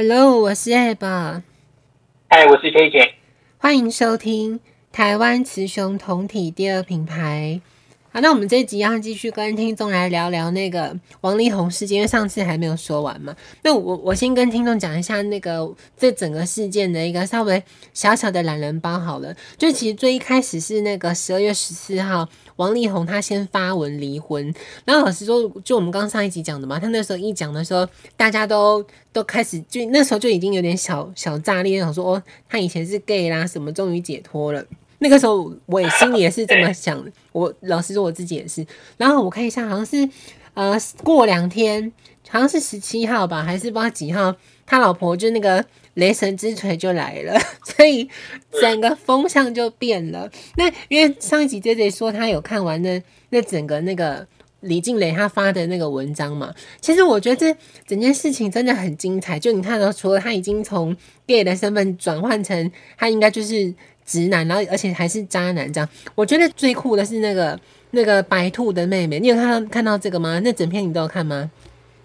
Hello，我是艾巴。Hi，我是 JJ。歡迎收聽台灣雌雄同體第二品牌。啊，那我們這一集要繼續跟聽眾來聊聊那個王力宏事件，因為上次還沒有說完嘛。那我我先跟聽眾講一下那個這整個事件的一個稍微小小的懶人包好了。就其實最一開始是那個十二月十四號，王力宏他先發文離婚。然後老實說，就我們剛上一集講的嘛，他那時候一講的時候，大家都都開始就那時候就已經有點小小炸裂，想說哦，他以前是 gay 啦，什麼終於解脫了。那個時候我也心裡也是這麼想，我老實說，我自己也是。然後我看一下，好像是呃，過兩天，好像是十七號吧，還是不知道幾號，他老婆就那個雷神之錘就來了，所以整個風向就變了。那因為上一集 JJ 說他有看完那那整個那個李靜蕾他發的那個文章嘛，其實我覺得這整件事情真的很精彩。就你看到，除了他已經從 gay 的身份轉換成他應該就是。直男，然後而且還是渣男這樣。我覺得最酷的是那個那個白兔的妹妹，你有看到看到這個嗎？那整片你都有看嗎？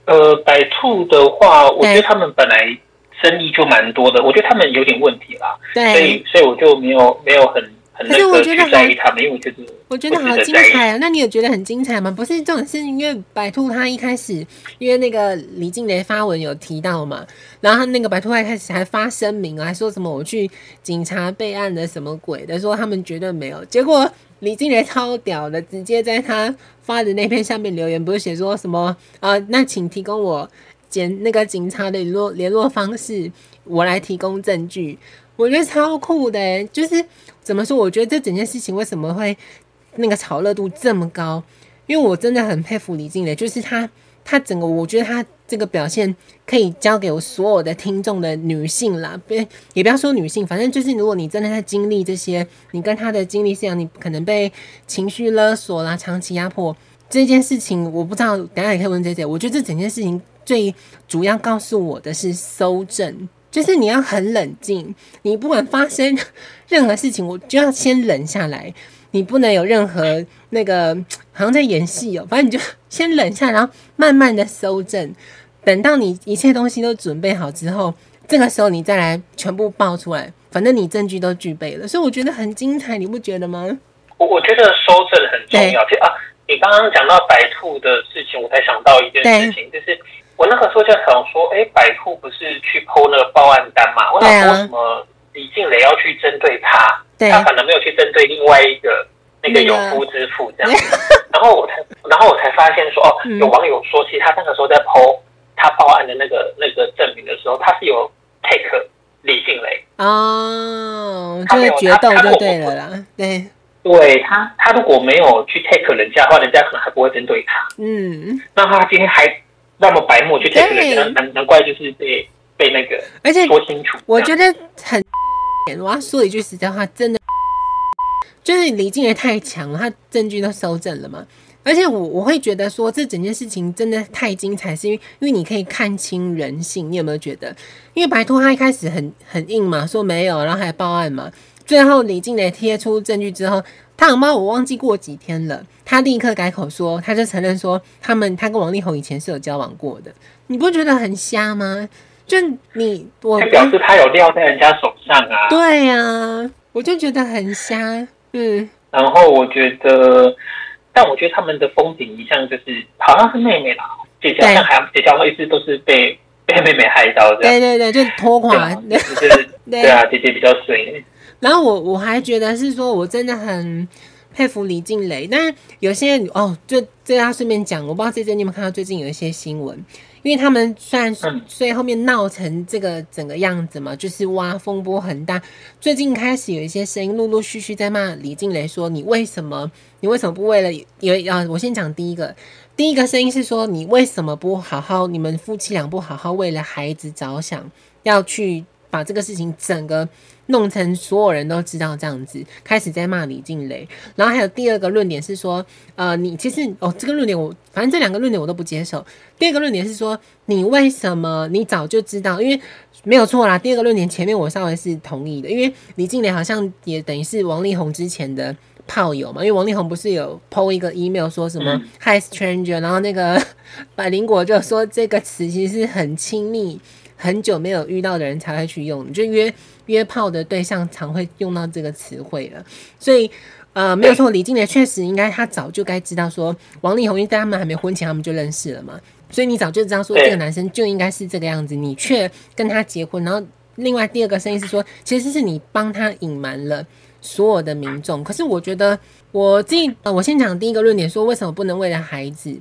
呃，白兔的話，我覺得他們本來生意就蠻多的，我覺得他們有點問題啦。對。所以所以我就沒有沒有很很那個去在意他們，沒有覺、就、得、是。我覺得好精彩啊！那你也覺得很精彩嗎？不是這種事，因為百兔他一開始，因為那個李靜蕾發文有提到嘛，然後那個百兔還開始還發聲明、啊，還說什麼我去警察備案的什麼鬼的，就是、說他們絕對沒有。結果李靜蕾超屌的，直接在他發的那篇下面留言，不是寫說什麼啊、呃。那請提供我檢那個警察的聯絡、聯絡方式，我來提供證據。我覺得超酷的、欸，就是怎麼說？我覺得這整件事情為什麼會？那個炒熱度這麼高，因為我真的很佩服李靜蕾，就是她，她整個我覺得她這個表現可以交給我所有的聽眾的女性啦，不，也不要說女性，反正就是如果你真的在經歷這些，你跟她的經歷是一樣，你可能被情緒勒索啦，長期壓迫這件事情，我不知道等下也可以問姐姐，我覺得這整件事情最主要告訴我的是搜證，就是你要很冷靜，你不管發生任何事情，我就要先冷下來。你不能有任何那個，好像在演戲哦。反正你就先冷下，然後慢慢的搜證，等到你一切東西都準備好之後，這個時候你再來全部爆出來。反正你證據都具備了，所以我覺得很精彩，你不覺得嗎？我，我覺得搜證很重要。啊，你剛剛講到白兔的事情，我才想到一件事情，就是我那個時候就想說，哎，白兔不是去 PO 那個報案單嘛？啊？我想說為什麼，李靜蕾要去針對他。他可能沒有去針對另外一個那個有夫之婦這樣子， 然後我才，然後我才發現說，哦，有網友說起，其實他那個時候在 po 他報案的那個那個證明的時候，他是有 take 李靜蕾哦，就是決鬥就對了，嗯，對他，他，他，他如果沒有去 take 人家的話，人家可能還不會針對他，嗯，那他今天還那麼白目去 take 人家，難難怪就是被被那個而且說清楚，我覺得很。我要說一句實在話，真的就是李靜蕾太強了，他證據都收證了嘛。而且我我會覺得說，這整件事情真的太精彩，是因為因為你可以看清人性。你有沒有覺得？因為白兔他一開始很很硬嘛，說沒有，然後還報案嘛。最後李靜蕾貼出證據之後，他他媽我忘記過幾天了，他立刻改口說，他就承認說他們他跟王力宏以前是有交往過的。你不覺得很瞎嗎？就你，我表示他有料在人家手上啊！對呀、啊，我就覺得很瞎，嗯。然後我覺得，但我覺得他們的風景一向就是，好像是妹妹啦，姐姐好像好像每次都是被被妹妹害到的，對對對，就拖垮。對，就是 對，對啊，姐姐比較衰、欸。然後我我還覺得是說，我真的很佩服李靜蕾。但有些哦，就這要順便講，我不知道姐姐你有沒有看到最近有一些新聞。因為他們雖然最後面鬧成這個整個樣子嘛，就是哇，風波很大。最近開始有一些聲音陸陸續續在罵李靜蕾，說你為什麼？你為什麼不為了？有啊，我先講第一個，第一個聲音是說，你為什麼不好好？你們夫妻倆不好好為了孩子着想，要去把這個事情整個。弄成所有人都知道這樣子，開始在罵李靜蕾。然後還有第二個論點是說，呃，你其實哦，這個論點我反正這兩個論點我都不接受。第二個論點是說，你為什麼你早就知道？因為沒有錯啦。第二個論點前面我稍微是同意的，因為李靜蕾好像也等於是王力宏之前的炮友嘛。因為王力宏不是有 PO 一個 email 說什麼、嗯、“hi stranger”，然後那個百靈果就說這個詞其實是很親密。很久沒有遇到的人才會去用，就約約炮的對象常會用到這個詞彙了。所以，呃，沒有錯，李靜蕾確實應該他早就該知道說，王力宏因為在他們還沒婚前他們就認識了嘛。所以你早就知道說這個男生就應該是這個樣子，你卻跟他結婚。然後，另外第二個聲音是說，其實是你幫他隱瞞了所有的民眾。可是我覺得我這，我呃，我先講第一個論點，說為什麼不能為了孩子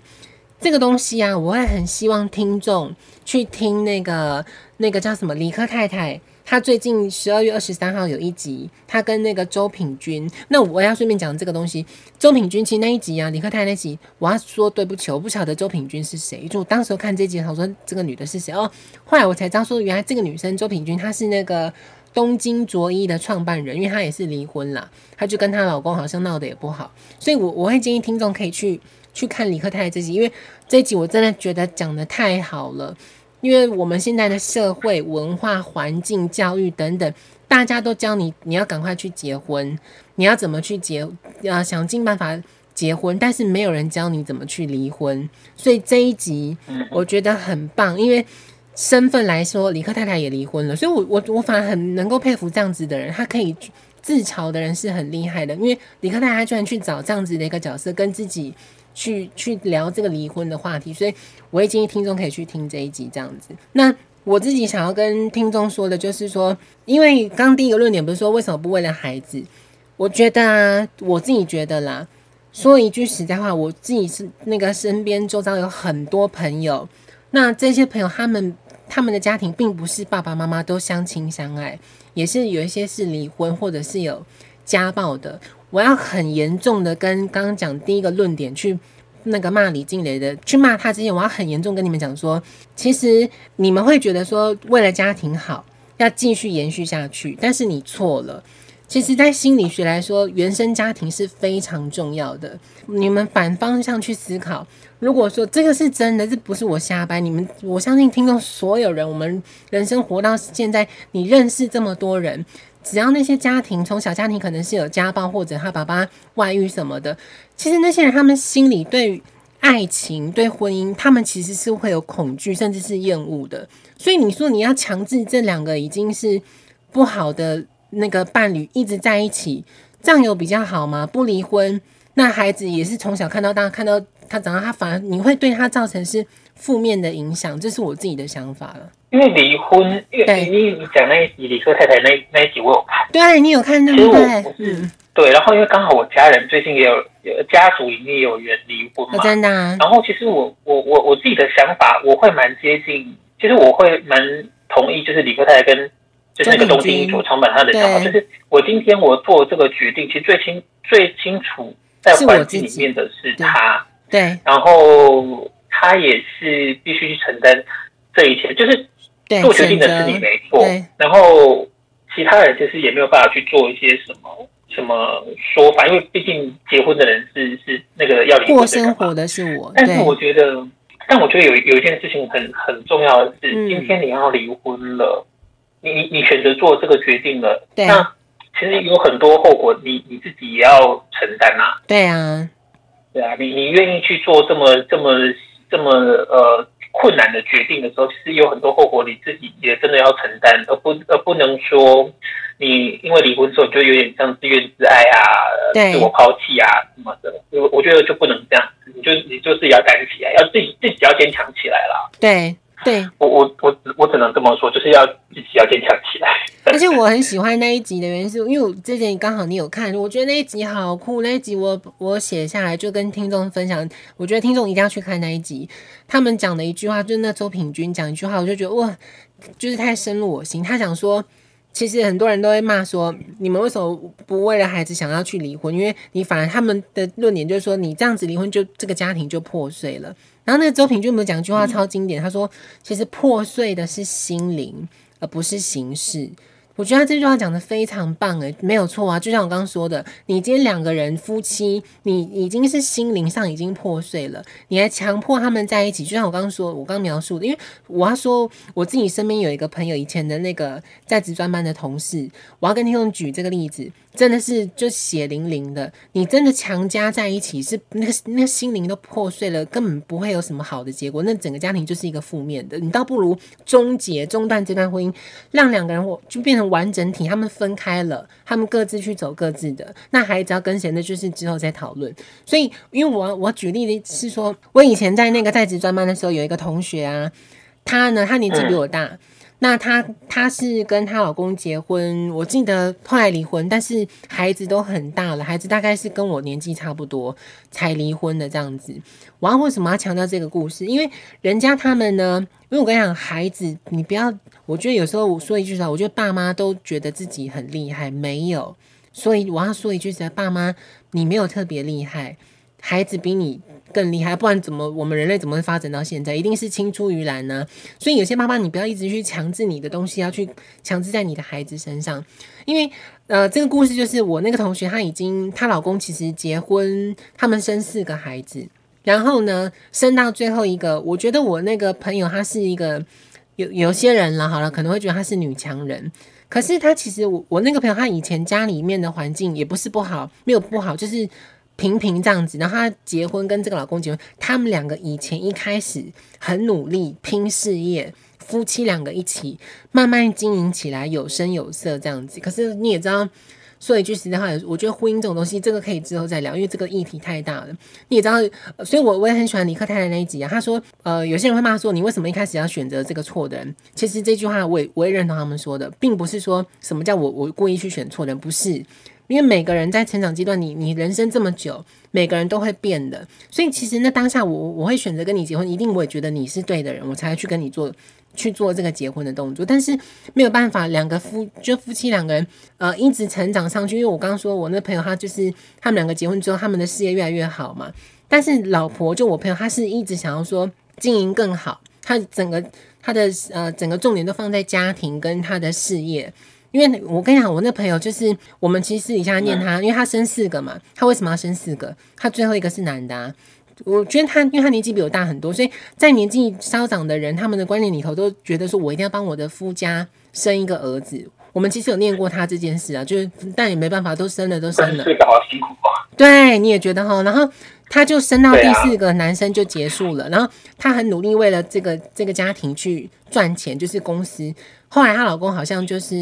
這個東西啊？我會很希望聽眾。去聽那個那個叫什麼理科太太，她最近十二月二十三號有一集，她跟那個周品均。那我要順便講這個東西，周品均其實那一集啊，理科太太那集，我要說對不起，我不曉得周品均是誰。就我當時看這集，我說這個女的是誰哦？後來我才知道，說原來這個女生周品均她是那個東京著衣的創辦人，因為她也是離婚了，她就跟她老公好像鬧得也不好，所以我我會建議聽眾可以去。去看理科太太這集，因為這一集我真的覺得講的太好了。因為我們現在的社會文化環境教育等等，大家都教你你要趕快去結婚，你要怎麼去結啊、呃，想盡辦法結婚，但是沒有人教你怎麼去離婚。所以這一集我覺得很棒，因為身份來說，理科太太也離婚了，所以我我我反而很能夠佩服這樣子的人，他可以自嘲的人是很厲害的，因為理科太太他居然去找這樣子的一個角色跟自己，去去聊這個離婚的話題，所以我也建議聽眾可以去聽這一集這樣子。那我自己想要跟聽眾說的，就是說，因為剛第一個論點不是說為什麼不為了孩子？我覺得啊，我自己覺得啦，說一句實在話，我自己是那個身邊周遭有很多朋友，那這些朋友他們他們的家庭並不是爸爸媽媽都相親相愛，也是有一些是離婚或者是有家暴的，我要很嚴重的跟剛剛講第一個論點去那個罵李靜蕾的，去罵他之前，我要很嚴重跟你們講說，其實你們會覺得說，為了家庭好要繼續延續下去，但是你錯了。其實，在心理學來說，原生家庭是非常重要的。你們反方向去思考，如果說這個是真的，這不是我瞎掰。你們，我相信聽眾所有人，我們人生活到現在，你認識這麼多人。只要那些家庭從小家庭可能是有家暴，或者他爸爸外遇什麼的，其實那些人他們心裡對愛情、對婚姻，他們其實是會有恐懼，甚至是厭惡的。所以你說你要強制這兩個已經是不好的那個伴侶一直在一起，這樣有比較好嗎？不離婚，那孩子也是從小看到大，看到他長大，他反而你會對他造成是，.負面的影響，這是我自己的想法了。因為離婚，因為你講那一集理科太太那，那一集，我有看。對，你有看到？其實我是、嗯、對。然後，因為剛好我家人最近也有，家族裡面有人離婚嘛。我真的、啊。然後，其實我我我我自己的想法，我會蠻接近。其實我會蠻同意，就是理科太太跟就是那個《東京一雄》長滿他的想法。就是我今天我做這個決定，其實最清最清楚在環境裡面的是他。是對，對。然後。他也是必須去承擔這一切，就是做決定的是你沒錯，然後其他人其實也沒有辦法去做一些什麼什麼說法，因為畢竟結婚的人是是那個要離婚過生活的是我，但是我覺得，但我覺得有一有一件事情很很重要的是，嗯、今天你要離婚了，你你你選擇做這個決定了對、啊，那其實有很多後果，你你自己也要承擔吶、啊，對啊，對啊，你你願意去做這麼這麼。這麼呃困難的決定的時候，其實有很多後果你自己也真的要承擔，而不而不能說，你因為離婚之後就有點像自怨自艾啊對，自我拋棄啊什麼的。我我覺得就不能這樣，你就你就是要站起來，要自己自己要堅強起來了。對。對，我我我我只能這麼說，就是要自己要堅強起來。而且我很喜歡那一集的原因是，因為我之前剛好你有看，我覺得那一集好酷。那一集我我寫下來就跟聽眾分享，我覺得聽眾一定要去看那一集。他們講的一句話，就是那周品君講一句話，我就覺得哇，就是太深入我心。他想說。其實很多人都會罵說：“你們為什麼不為了孩子想要去離婚？”因為你反而他們的論點就是說：“你這樣子離婚就，就這個家庭就破碎了。”然後那個周平就有沒有講一句話超經典？他說：“其實破碎的是心靈，而不是形式。”我覺得他這句話講的非常棒誒、欸，沒有錯啊。就像我剛剛說的，你今天兩個人夫妻，你已經是心靈上已經破碎了，你還強迫他們在一起。就像我剛剛說，我剛描述的，因為我要說我自己身邊有一個朋友，以前的那個在職專班的同事，我要跟聽眾舉這個例子，真的是就血淋淋的。你真的強加在一起，是那個那個心靈都破碎了，根本不會有什麼好的結果。那整個家庭就是一個負面的，你倒不如終結中斷這段婚姻，讓兩個人就變成。完整體，他們分開了，他們各自去走各自的。那孩子要跟誰呢？就是之後再討論。所以，因為我我舉例的是說，我以前在那個在職專班的時候，有一個同學啊，他呢，他年紀比我大。嗯那她，她是跟她老公結婚，我記得後來離婚，但是孩子都很大了，孩子大概是跟我年紀差不多才離婚的這樣子。我要為什麼要強調這個故事？因為人家他們呢，因為我跟你講孩子，你不要，我覺得有時候我說一句實話，我覺得爸媽都覺得自己很厲害，沒有，所以我要說一句實話，爸媽你沒有特別厲害，孩子比你更厲害，不然怎麼，我們人類怎麼會發展到現在，一定是青出於藍呢。所以有些媽媽，你不要一直去強制你的東西，要去強制在你的孩子身上，因為呃，這個故事就是我那個同學，她已經她老公其實結婚，他們生四個孩子，然後呢生到最後一個，我覺得我那個朋友，她是一個有有些人了，好了，可能會覺得她是女強人，可是她其實我我那個朋友，她以前家裡面的環境也不是不好，沒有不好，就是。平平這樣子，然後她結婚，跟這個老公結婚，他們兩個以前一開始很努力拼事業，夫妻兩個一起慢慢經營起來，有聲有色這樣子。可是你也知道，說一句實在話，我覺得婚姻這種東西，這個可以之後再聊，因為這個議題太大了。你也知道，所以我我也很喜歡尼克太太那一集啊。他說，呃，有些人會罵說，你為什麼一開始要選擇這個錯的人？其實這句話，我也我也認同他們說的，並不是說什麼叫我我故意去選錯人，不是。因為每個人在成長階段，你你人生這麼久，每個人都會變的。所以其實那當下我，我我會選擇跟你結婚，一定我也覺得你是對的人，我才會去跟你做，去做這個結婚的動作。但是沒有辦法，兩個夫就夫妻兩個人，呃，一直成長上去。因為我剛剛說，我那朋友他就是他們兩個結婚之後，他們的事業越來越好嘛。但是老婆就我朋友，他是一直想要說經營更好，他整個他的呃整個重點都放在家庭跟他的事業。因為我跟你講，我那朋友就是我們其實私底下念他，因為他生四個嘛，他為什麼要生四個？他最後一個是男的，啊。我覺得他，因為他年紀比我大很多，所以在年紀稍長的人，他們的觀念裡頭都覺得說，我一定要幫我的夫家生一個兒子。我們其實有念過他這件事啊，就是但也沒辦法，都生了，都生了。這個好辛苦啊。對，你也覺得哈？然後他就生到第四個男生就結束了。啊、然後他很努力為了這個這個家庭去賺錢，就是公司。後來她老公好像就是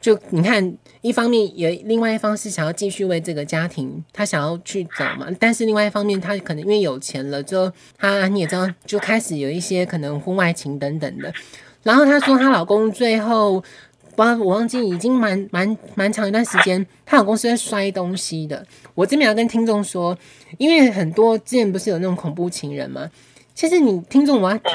就你看，一方面也另外一方是想要繼續為這個家庭，他想要去找嘛。但是另外一方面，他可能因為有錢了，之後他，他你也知道，就開始有一些可能婚外情等等的。然後她說，她老公最後。不，我忘記已經蠻蠻蠻長一段時間，他老公是在摔東西的。我這邊要跟聽眾說，因為很多之前不是有那種恐怖情人嗎？其實你聽眾我要提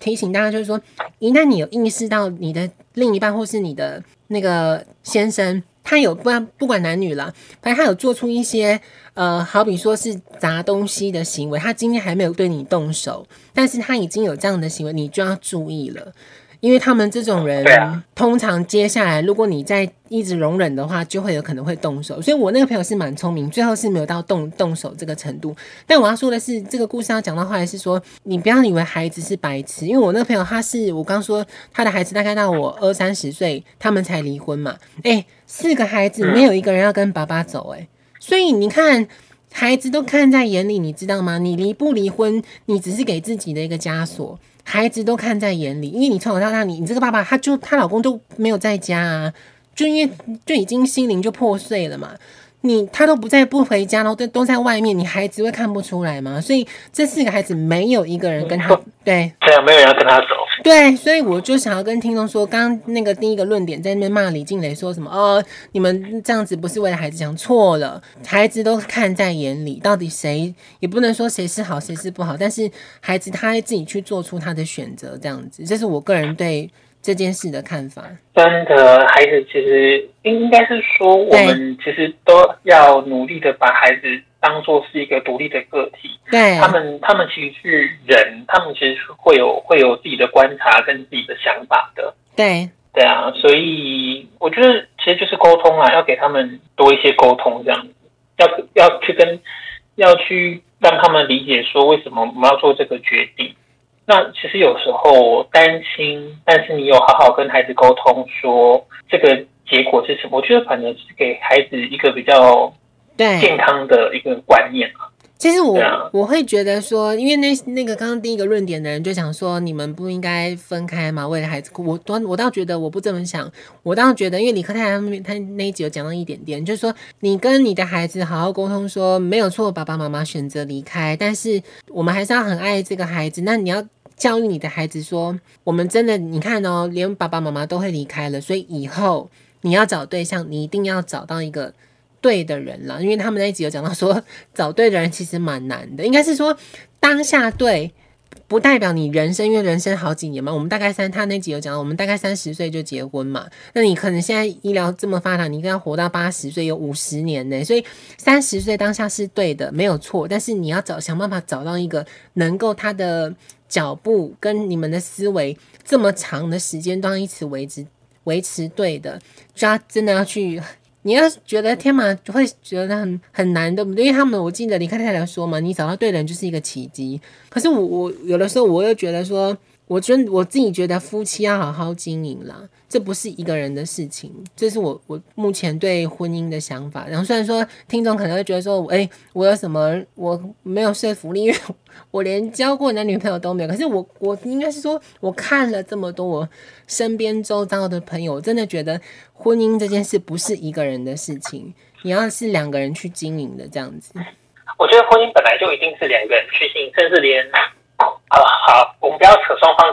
提醒大家，就是說，一旦你有意識到你的另一半或是你的那個先生，他有不不管男女了，反正他有做出一些呃，好比說是砸東西的行為，他今天還沒有對你動手，但是他已經有這樣的行為，你就要注意了。因為他們這種人，通常接下來如果你再一直容忍的話，就會有可能會動手。所以我那個朋友是蠻聰明，最後是沒有到動動手這個程度。但我要說的是，這個故事要講到後來是說，你不要以為孩子是白痴，因為我那個朋友他是我剛說他的孩子大概到我二三十歲，他們才離婚嘛。誒，四個孩子沒有一個人要跟爸爸走，欸，誒。所以你看，孩子都看在眼裡，你知道嗎？你離不離婚，你只是給自己的一個枷鎖。孩子都看在眼裡，因為你從小到大你、你你這個爸爸，他就他老公都沒有在家啊，就因為就已經心靈就破碎了嘛。你他都不在，不回家了，都都在外面。你孩子會看不出來嗎？所以這四個孩子沒有一個人跟他對，對啊，沒有人要跟他走。對，所以我就想要跟聽眾說，剛剛那個第一個論點在那邊罵李靜蕾說什麼？哦，你們這樣子不是為了孩子，講錯了，孩子都看在眼裡。到底誰也不能說誰是好，誰是不好。但是孩子他會自己去做出他的選擇，這樣子，這是我個人對。這件事的看法，真的孩子其實應應該是說，我們其實都要努力的把孩子當做是一個獨立的個體。對啊，他們，他們其實是人，他們其實會有會有自己的觀察跟自己的想法的。對，對啊，所以我覺得其實就是溝通啊，要給他們多一些溝通，這樣要要去跟要去讓他們理解說為什麼我們要做這個決定。那其實有時候擔心，但是你有好好跟孩子溝通說，說這個結果是什麼？我覺得反正是給孩子一個比較對健康的一個觀念、啊、其實我、啊、我會覺得說，因為那那個剛剛第一個論點的人就想說，你們不應該分開嘛，為了孩子。我端，我倒覺得我不這麼想，我倒覺得，因為理科太太他那一集有講到一點點，就是說你跟你的孩子好好溝通說，說沒有錯，爸爸媽媽選擇離開，但是我們還是要很愛這個孩子。那你要。教育你的孩子說：“我們真的，你看哦，連爸爸媽媽都會離開了，所以以後你要找對象，你一定要找到一個對的人了。因為他們那集有講到說，找對的人其實蠻難的。應該是說，當下對，不代表你人生，因為人生好幾年嘛。我們大概三，他那集有講到，我們大概三十歲就結婚嘛。那你可能現在醫療這麼發達，你應該活到八十歲，有五十年呢。所以三十歲當下是對的，沒有錯。但是你要找想辦法找到一個能夠他的。”腳步跟你們的思維這麼長的時間段一直維持維持對的，就要真的要去，你要覺得天馬會覺得很很難對不對，因為他們我記得你看太來說嘛，你找到對的人就是一個奇蹟。可是我我有的時候我又覺得說，我真我自己覺得夫妻要好好經營啦。這不是一個人的事情，這是我我目前對婚姻的想法。然後雖然說聽眾可能會覺得說，哎，我有什麼我沒有說服力，因為我，我連交過男女朋友都沒有。可是我我應該是說，我看了這麼多我身邊周遭的朋友，我真的覺得婚姻這件事不是一個人的事情，你要是兩個人去經營的這樣子。我覺得婚姻本來就一定是兩個人去經營，甚至連啊好、好、好，我們不要扯雙方。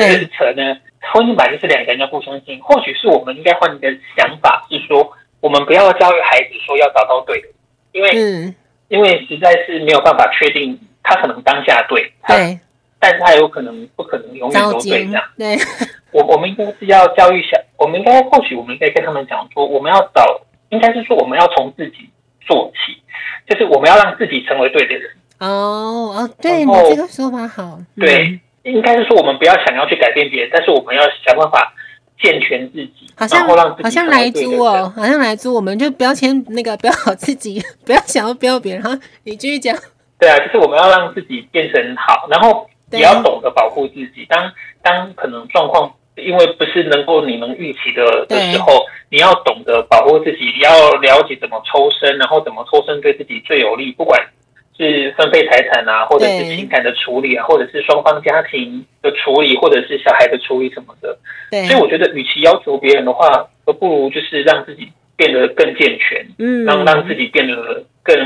對，扯呢，婚姻本來就是兩個人要互相信。或許是我們應該換一個想法，是說我們不要教育孩子說要找到對的，因為、嗯、因為實在是沒有辦法確定他可能當下對，他對，但是他有可能不可能永遠都對這樣。對， 我我們應該是要教育小，我們應該或許我們應該跟他們講說，我們要找，應該是說我們要從自己做起，就是我們要讓自己成為對的人。哦哦，對你這個說法好，對。嗯應該是說，我們不要想要去改變別人，但是我們要想辦法健全自己，好像然後讓自己好像萊豬哦，好像萊豬，我們就標籤那個，標好自己，不要想要標別人，然後你繼續講。對啊，就是我們要讓自己變成好，然後也要懂得保護自己。當當可能狀況因為不是能夠你能預期的的時候，你要懂得保護自己，你要了解怎麼抽身，然後怎麼抽身對自己最有利，不管。是分配財產啊，或者是情感的處理啊，或者是雙方家庭的處理，或者是小孩的處理什麼的。對，所以我覺得，與其要求別人的話，還不如就是讓自己變得更健全，嗯，讓讓自己變得更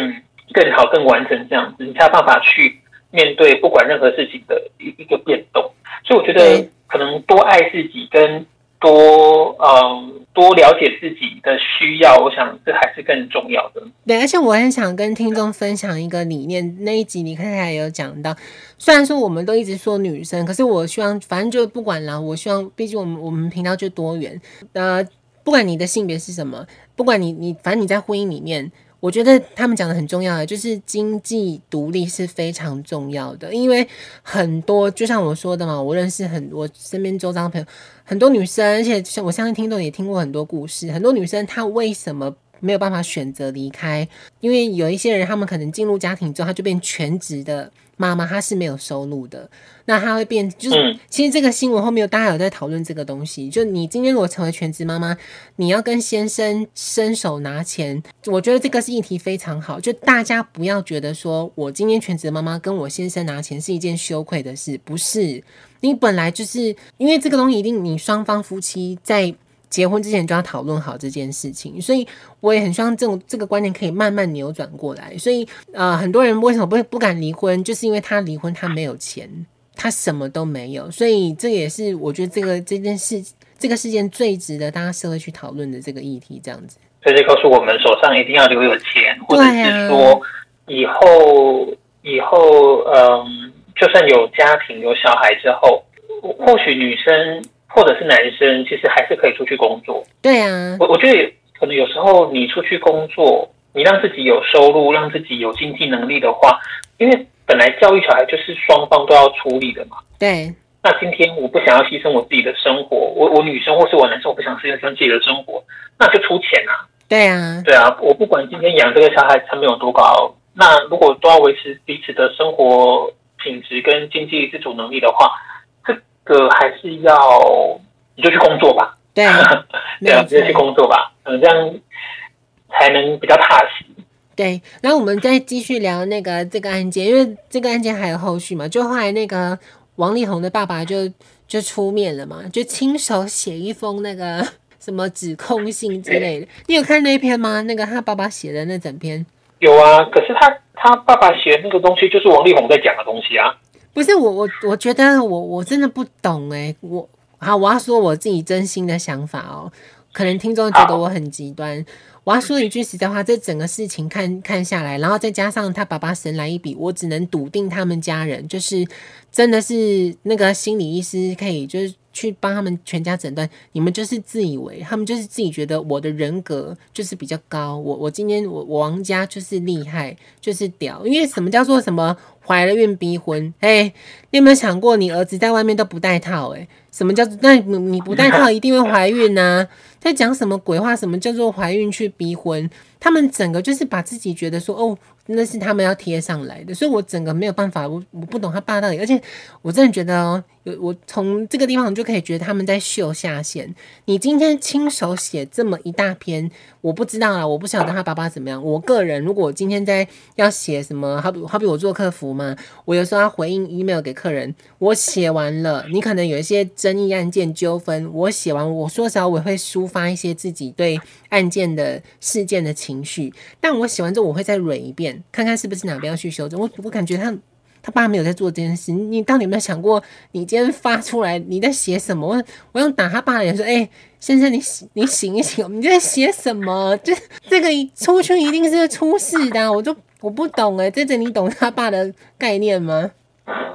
更好、更完整這樣子。你才有辦法去面對不管任何事情的一一個變動。所以我覺得，可能多愛自己跟。多嗯、呃，多了解自己的需要，我想這還是更重要的。對，而且我很想跟聽眾分享一個理念。那一集你剛才也有講到，雖然說我們都一直說女生，可是我希望，反正就不管啦。我希望，畢竟我們我們頻道就多元，那、呃、不管你的性別是什麼，不管你你，反正你在婚姻裡面。我覺得他們講的很重要的，就是經濟獨立是非常重要的，因為很多就像我說的嘛，我認識很多我身邊周遭的朋友很多女生，而且我相信聽眾也聽過很多故事，很多女生她為什麼沒有辦法選擇離開？因為有一些人，他們可能進入家庭之後，他就變全職的。媽媽，她是沒有收入的，那她會變，就是其實這個新聞後面大家有在討論這個東西，就你今天如果成為全職媽媽，你要跟先生伸手拿錢，我覺得這個是議題非常好，就大家不要覺得說我今天全職的媽媽跟我先生拿錢是一件羞愧的事，不是？你本來就是因為這個東西，一定你雙方夫妻在。結婚之前就要討論好這件事情，所以我也很希望這種這個觀念可以慢慢扭轉過來。所以，呃，很多人為什麼不不敢離婚，就是因為他離婚他沒有錢，他什麼都沒有。所以，這也是我覺得這個這件事這個事件最值得大家社會去討論的這個議題，這樣子。所以這就告訴我們，手上一定要留有錢，或者是說以後以後，嗯，就算有家庭有小孩之後，或許女生。或者是男生，其實還是可以出去工作。對啊，我我覺得可能有時候你出去工作，你讓自己有收入，讓自己有經濟能力的話，因為本來教育小孩就是雙方都要處理的嘛。對，那今天我不想要犧牲我自己的生活，我我女生或是我男生，我不想犧牲自己的生活，那就出錢啊。對啊，對啊，我不管今天養這個小孩成本有多高，那如果都要維持彼此的生活品質跟經濟自主能力的話。個還是要，你就去工作吧。對。對，這樣你就去工作吧，嗯，這樣才能比較踏實。對，然後我們再繼續聊那個這個案件，因為這個案件還有後續嘛。就後來那個王力宏的爸爸就就出面了嘛，就親手寫一封那個什麼指控信之類的。你有看那篇嗎？那個他爸爸寫的那整篇。有啊，可是他他爸爸寫的那個東西就是王力宏在講的東西啊。不是我，我我覺得我我真的不懂欸，我好，我要說我自己真心的想法喔，可能聽眾覺得我很極端，我要說一句實在話，這整個事情看看下來，然後再加上他爸爸神來一筆，我只能篤定他們家人就是。真的是那個心理醫師可以就是去幫他們全家診斷，你們就是自以為，他們就是自己覺得我的人格就是比較高，我我今天我我王家就是厲害，就是屌。因為什麼叫做什麼懷了孕逼婚？誒，你有沒有想過你兒子在外面都不戴套、欸？誒，什麼叫做那你不戴套一定會懷孕吶、啊。在講什麼鬼話？什麼叫做懷孕去逼婚？他們整個就是把自己覺得說哦。那是他們要貼上來的，所以我整個沒有辦法，我我不懂他霸道，而且我真的覺得哦、喔，有我從這個地方，我就可以覺得他們在秀下限。你今天親手寫這麼一大篇，我不知道啦，我不曉得他爸爸怎麼樣。我個人如果我今天在要寫什麼，好比好比我做客服嘛，我有時候要回應 email 給客人，我寫完了，你可能有一些爭議案件糾紛，我寫完，我說實話，我會抒發一些自己對案件的事件的情緒，但我寫完之後，我會再 review 一遍。看看是不是哪邊要去修正，我我感覺他他爸沒有在做這件事。你你到底有沒有想過，你今天發出來你在寫什麼？我我用打他爸臉說：“哎、欸，先生你，你醒你醒一醒，你在寫什麼？這這個一出去一定是出事的，啊。”我就我不懂哎、欸，這這你懂他爸的概念嗎？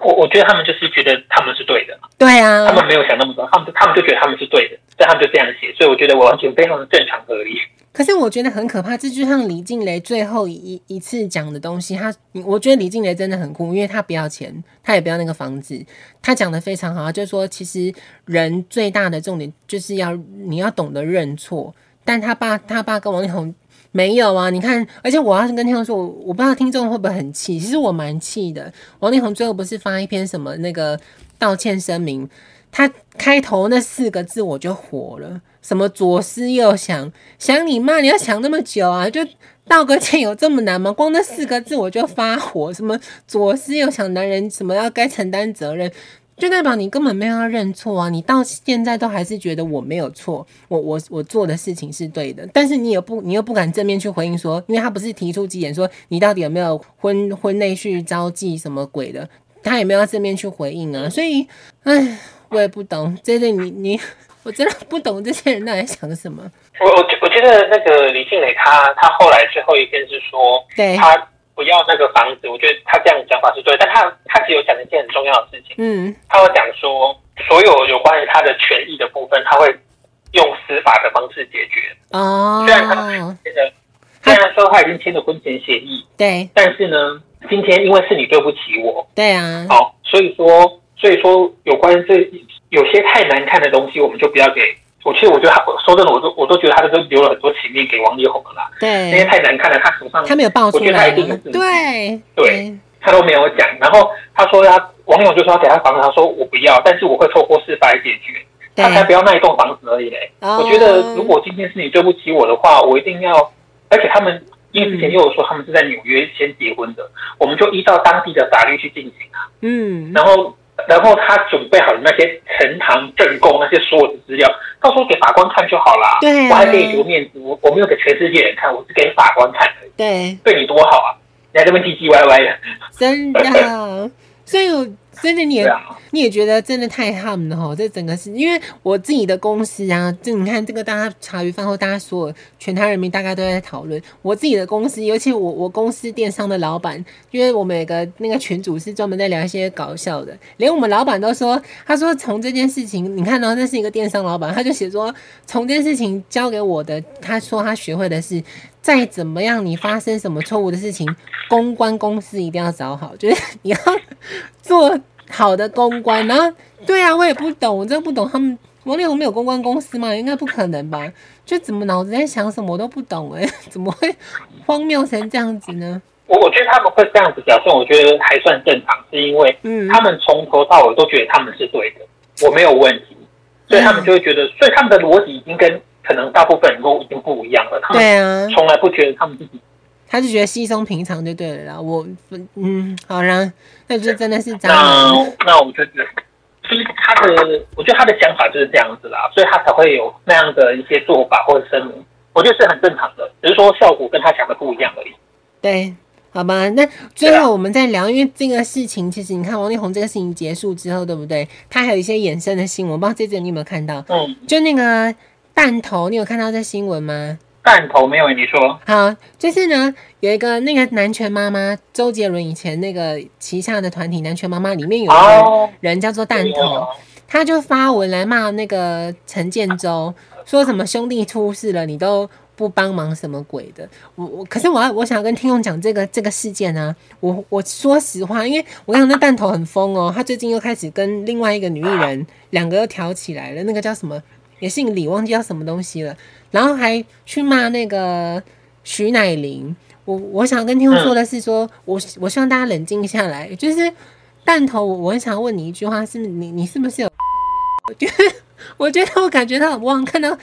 我我覺得他們就是覺得他們是對的，對啊，他們沒有想那麼多，他們他們就覺得他們是對的，但他們就這樣寫。所以我覺得我完全非常的正常合理。可是我覺得很可怕，這就像李靜蕾最後一一,一次講的東西，他，我覺得李靜蕾真的很酷，因為他不要錢，他也不要那個房子，他講的非常好，就是說其實人最大的重點就是要你要懂得認錯，但他爸他爸跟王力宏沒有啊，你看，而且我要是跟聽眾說，我我不知道聽眾會不會很氣，其實我蠻氣的，王力宏最後不是發一篇什麼那個道歉聲明。他開頭那四個字我就火了，什麼左思右想，想你媽，你要想那麼久啊？就道個歉有這麼難嗎？光那四個字我就發火，什麼左思右想，男人什麼要該承擔責任，就代表你根本沒有要認錯啊！你到現在都還是覺得我沒有錯，我我我做的事情是對的，但是你也不你又不敢正面去回應說，因為他不是提出幾點說你到底有沒有婚婚內去召妓什麼鬼的，他也沒有要正面去回應啊，所以，唉。我也不懂，真的你你，我真的不懂這些人到底想什麼。我我覺我覺得那個李靜蕾他他後來最後一天是說，對他不要那個房子，我覺得他這樣的講法是對，但他他只有講一件很重要的事情，嗯，他會講說所有有關於他的權益的部分，他會用司法的方式解決。哦，雖然他簽的，雖然說他已經簽了婚前協議，對，但是呢，今天因為是你對不起我，對啊，好，所以說。所以說，有關這有些太難看的東西，我們就不要給。我其實我覺得，說真的，我都我都覺得他都留了很多情面給王力宏了。對，那些太難看了，他手上他沒有報出來。我覺得他一定是對對、嗯，他都沒有講。然後他說他王力宏就說他給他房子，他說我不要，但是我會透過司法來解決。他才不要那一棟房子而已嘞。Okay, 我覺得如果今天是你對不起我的話，我一定要。而且他們因為之前又有說他們是在紐約先結婚的、嗯，我們就依照當地的法律去進行啊。嗯，然後。然後他準備好的那些呈堂證供，那些所有的資料，到時候給法官看就好了。對、啊，我還給你留面子，我我沒有給全世界人看，我是給法官看的。對，對你多好啊！你還這麼唧唧歪歪的，真的。 所以有真的，你也、啊、你也覺得真的太慘了哈！這整個事，因為我自己的公司啊，就你看這個大家茶餘飯後，大家所有全台人民大概都在討論我自己的公司，尤其我我公司電商的老闆，因為我每個那個群組是專門在聊一些搞笑的，連我們老闆都說，他說從這件事情，你看到、哦、那是一個電商老闆，他就寫說，從這件事情教給我的，他說他學會的是，再怎麼樣你發生什麼錯誤的事情，公關公司一定要找好，就是你要做。好的公關，然後對啊，我也不懂，我真的不懂他們。王力宏沒有公關公司嗎？應該不可能吧？就怎麼腦子在想什麼我都不懂哎、欸，怎麼會荒謬成這樣子呢？我我覺得他們會這樣子表現，我覺得還算正常，是因為他們從頭到尾都覺得他們是對的，我沒有問題，嗯、所以他們就會覺得，所以他們的邏輯已經跟可能大部分人都已經不一樣了。他們對啊，從來不覺得他們自己。他就覺得稀鬆平常就對了，啦。我，嗯，好啦，那就真的是這樣。那我們就就是他的，我覺得他的想法就是這樣子啦，所以他才會有那樣的一些做法或者聲明，我覺得是很正常的，只、就是說效果跟他想的不一樣而已。對，好吧，那最後我們再聊，因為這個事情其實你看，王力宏這個事情結束之後，對不對？他還有一些衍生的新聞，我不知道這次你有沒有看到？嗯，就那個彈頭，你有看到這新聞嗎？彈頭沒有，你說好，就是呢，有一個那個南拳媽媽，周杰倫以前那個旗下的團體南拳媽媽裡面有一個人、哦、叫做彈頭、哦，他就發文來罵那個陳建州，說什麼兄弟出事了，你都不幫忙，什麼鬼的？我我可是我要我想要跟聽眾講這個這個事件呢、啊，我我說實話，因為我講那彈頭很瘋哦，他最近又開始跟另外一個女藝人，啊、兩個又挑起來了，那個叫什麼，也姓李，忘記叫什麼東西了。然後還去罵那個徐乃麟，我我想跟天后說的是說，說、嗯、我我希望大家冷靜下來。就是彈頭我，我很想問你一句話，是你你是不是有？我覺得我覺得我感覺到，我看到，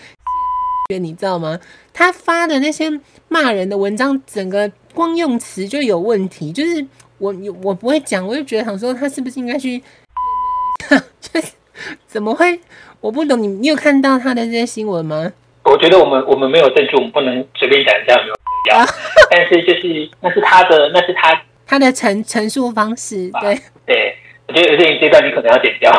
你知道嗎？他發的那些罵人的文章，整個光用詞就有問題。就是我我我不會講，我就覺得想說，他是不是應該去？就是怎麼會？我不懂你，你有看到他的這些新聞嗎？我覺得我們我們沒有證據，我們不能隨便講這樣。沒有要，但是就是那是他的，那是他 他的陳、啊 哦、陳述方式。對，對我覺得這一段你可能要剪掉。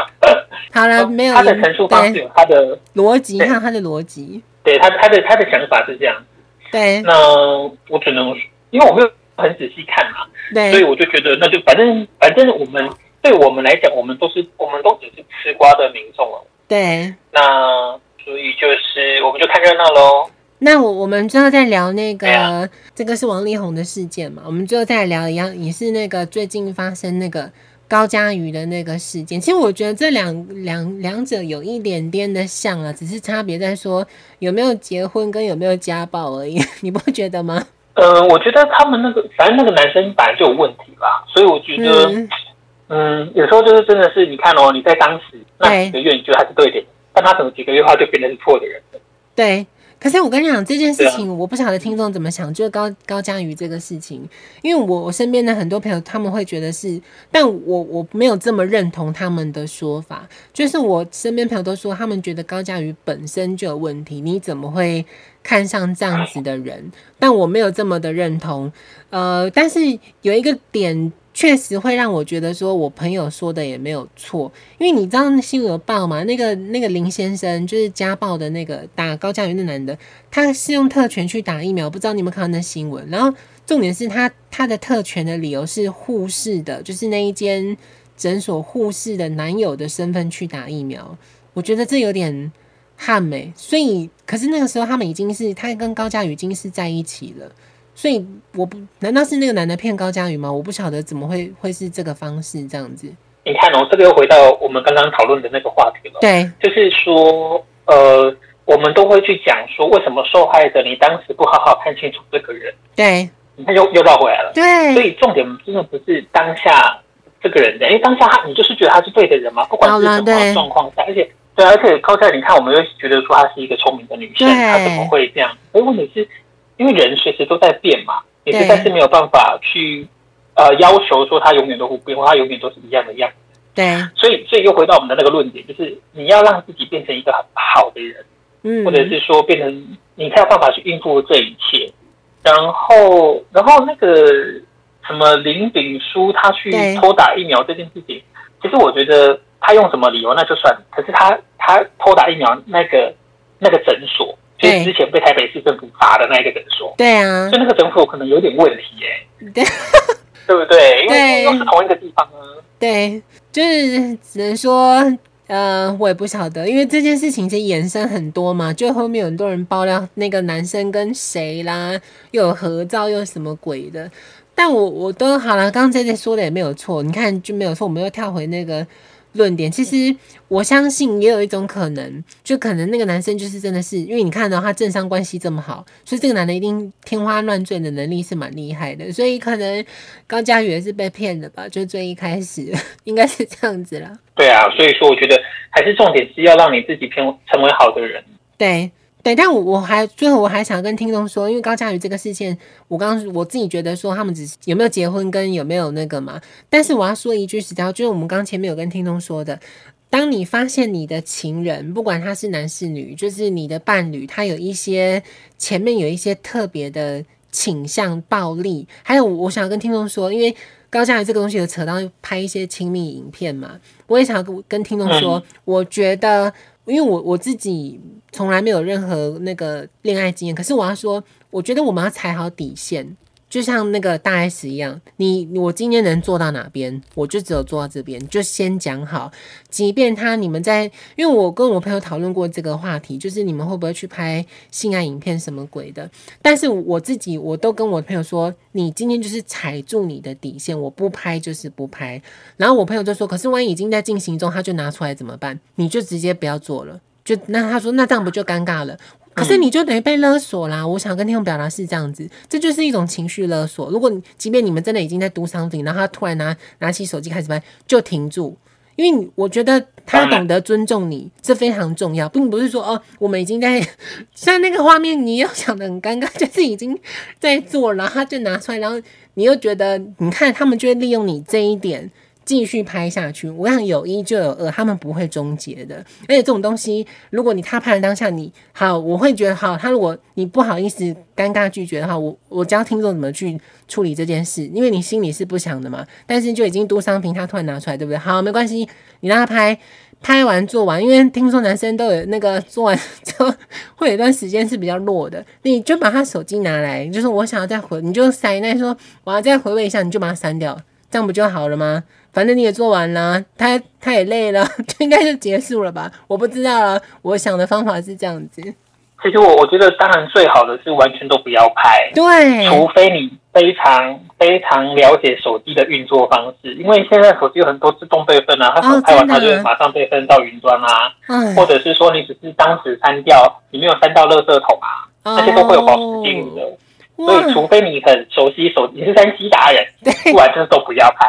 好了，沒有他的陳述方式，他的邏輯，看他的邏輯。對他，他的他的，他的想法是這樣。對，那我只能因為我沒有很仔細看嘛，對，所以我就覺得那就反正反正我們對我們來講，我們都是我們都只是吃瓜的民眾啊。對，那。所以就是，我們就看熱鬧嘍。那我我們最後再聊那個、哎，這個是王力宏的事件嘛？我們最後再聊一樣，也是那個最近發生那個高嘉瑜的那個事件。其實我覺得這兩兩兩者有一點點的像了、啊，只是差別在說有沒有結婚跟有沒有家暴而已。你不覺得嗎？呃，我覺得他們那個，反正那個男生本來就有問題吧，所以我覺得，嗯，嗯有時候就是真的是，你看哦，你在當時那幾個月，就還是對的。對但他怎麼幾個月，他就變成錯的人？對，可是我跟你講這件事情，我不曉得聽眾怎麼想，是啊、就高高嘉瑜這個事情，因為我身邊的很多朋友，他們會覺得是，但我我沒有這麼認同他們的說法，就是我身邊朋友都說，他們覺得高嘉瑜本身就有問題，你怎麼會看上這樣子的人？啊、但我沒有這麼的認同。呃，但是有一個點。確實會讓我覺得，說我朋友說的也沒有錯，因為你知道新聞報嗎？那個那個林先生，就是家暴的那個打高嘉瑜的男的，他是用特權去打疫苗，不知道你有沒有看到那新聞？然後重點是他他的特權的理由是護士的，就是那一間診所護士的男友的身份去打疫苗，我覺得這有點漢美、欸。所以可是那個時候他們已經是他跟高嘉瑜已經是在一起了。所以我不難道是那個男的騙高嘉瑜嗎？我不曉得怎麼會會是這個方式這樣子。你看哦，這個又回到我們剛剛討論的那個話題了。對，就是說，呃，我們都會去講說，為什麼受害者你當時不好好看清楚這個人？對，你看又又繞回來了。對，所以重點真的不是當下這個人的，因為當下他你就是覺得他是對的人嗎？不管是什麼狀況下，而且對，而且高嘉，你看我們又覺得說她是一個聰明的女生，她怎麼會這樣？哎、欸，問題是。因為人隨時都在變嘛，你實在是沒有辦法去、啊、呃，要求說他永遠都不變，或他永遠都是一樣的樣子。對、啊，所以所以又回到我們的那個論點，就是你要讓自己變成一個很好的人，嗯，或者是說變成你才有辦法去應付這一切。然後然後那個什麼林秉樞他去偷打疫苗這件事情，其實我覺得他用什麼理由那就算，可是他他偷打疫苗那個那個診所。對，之前被台北市政府罰的那一個診所，對啊，就那個診所可能有點問題耶、欸。對、啊、對不對？因為都是同一個地方啊。對，就是只能說，呃，我也不曉得，因為這件事情其實延伸很多嘛，就後面很多人爆料那個男生跟誰啦，又有合照又什麼鬼的。但我我都好了，剛才姐說的也沒有錯，你看就沒有錯，我們又跳回那個。論點，其實我相信也有一種可能，就可能那個男生，就是真的是，因為你看到他政商關係這麼好，所以這個男的一定天花亂墜的能力是蠻厲害的，所以可能高嘉瑜也是被騙的吧？就最一開始應該是這樣子了。對啊，所以說我覺得還是重點是要讓你自己成為好的人。對。對，但我我還最後我還想跟聽眾說，因為高嘉瑜這個事件，我剛我自己覺得說他們只是有沒有結婚跟有沒有那個嘛，但是我要說一句實際上，就是我們剛前面有跟聽眾說的，當你發現你的情人，不管他是男是女，就是你的伴侶，他有一些前面有一些特別的傾向暴力，還有我想跟聽眾說，因為高嘉瑜這個東西有扯到拍一些親密影片嘛，我也想跟聽眾說、嗯，我覺得。因為我我自己從來沒有任何那個戀愛經驗，可是我要說，我覺得我們要踩好底線。就像那個大 S 一樣，你我今天能做到哪邊，我就只有做到這邊，就先講好。即便他你們在，因為我跟我朋友討論過這個話題，就是你們會不會去拍性愛影片什麼鬼的？但是我自己我都跟我朋友說，你今天就是踩住你的底線，我不拍就是不拍。然後我朋友就說，可是萬一已經在進行中，他就拿出來怎麼辦？你就直接不要做了。就那他說，那這樣不就尷尬了？可是你就等於被勒索啦！嗯、我想跟他們表達是這樣子，這就是一種情緒勒索。如果即便你們真的已經在讀商品，然後他突然拿拿起手機開始拍，就停住，因為我覺得他懂得尊重你，這非常重要，並不是說哦，我們已經在像那個畫面，你又想得很尷尬，就是已經在做，然後他就拿出來，然後你又覺得，你看他們就會利用你這一點。繼續拍下去，我想有一就有二，他們不會終結的。而且這種東西，如果你他拍的當下，你好，我會覺得好。他如果你不好意思、尷尬拒絕的話，我我教聽眾怎麼去處理這件事，因為你心裡是不想的嘛。但是就已經多商平，他突然拿出來，對不對？好，沒關係，你讓他拍拍完做完，因為聽說男生都有那個做完就會有一段時間是比較弱的。你就把他手機拿來，就是我想要再回，你就刪，那說我要再回味一下，你就把它刪掉，這樣不就好了嗎？反正你也做完了，他他也累了，就 應該就結束了吧？我不知道啊，我想的方法是這樣子。其實我我覺得，當然最好的是完全都不要拍。對，除非你非常非常了解手機的運作方式，因為現在手機有很多自動備份啊，它可能拍完它就馬上備份到雲端啊、哦，或者是說你只是當時刪掉，你沒有刪掉垃圾桶啊、哎，那些都會有保時金的、哦。所以除非你很熟悉手機，你是刪機達人，對，不然就是都不要拍。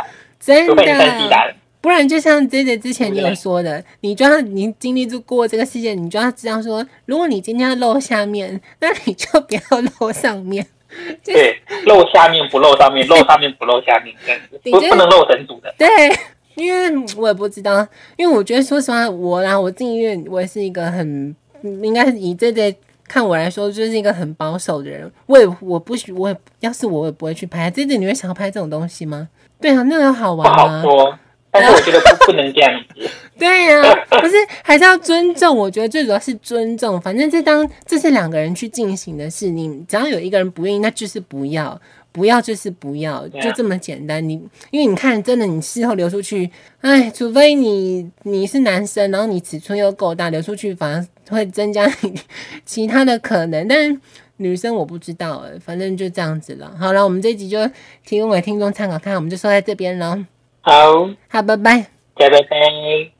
真的，不然就像 J J 之前你有說的，你就要你經歷住過這個事件，你就要知道說，如果你今天要露下面，那你就不要露上面。對， 就是、露下面不露上面，露上面不露下面，這樣子。不不能露整組的。對，因為我也不知道，因為我覺得說實話，我啦，我進醫院，我也是一個很，應該是以 J J 看我來說，就是一個很保守的人。我也我不許，我也要是我也不會去拍 J J。你會想要拍這種東西嗎？對啊，那個好玩嗎？好但是我覺得不 不能這樣子。 對呀、啊，不是，還是要尊重？我覺得最主要是尊重。反正這當這是兩個人去進行的事，你只要有一個人不願意，那就是不要，不要就是不要，就這麼簡單。你因為你看，真的你事後流出去，哎，除非你你是男生，然後你尺寸又夠大，流出去反而會增加你其他的可能，但是。女生我不知道，欸，反正就這樣子了。好了，我們這一集就提供給聽眾參考看，看我們就說在這邊咯。好，好，拜拜，再拜拜。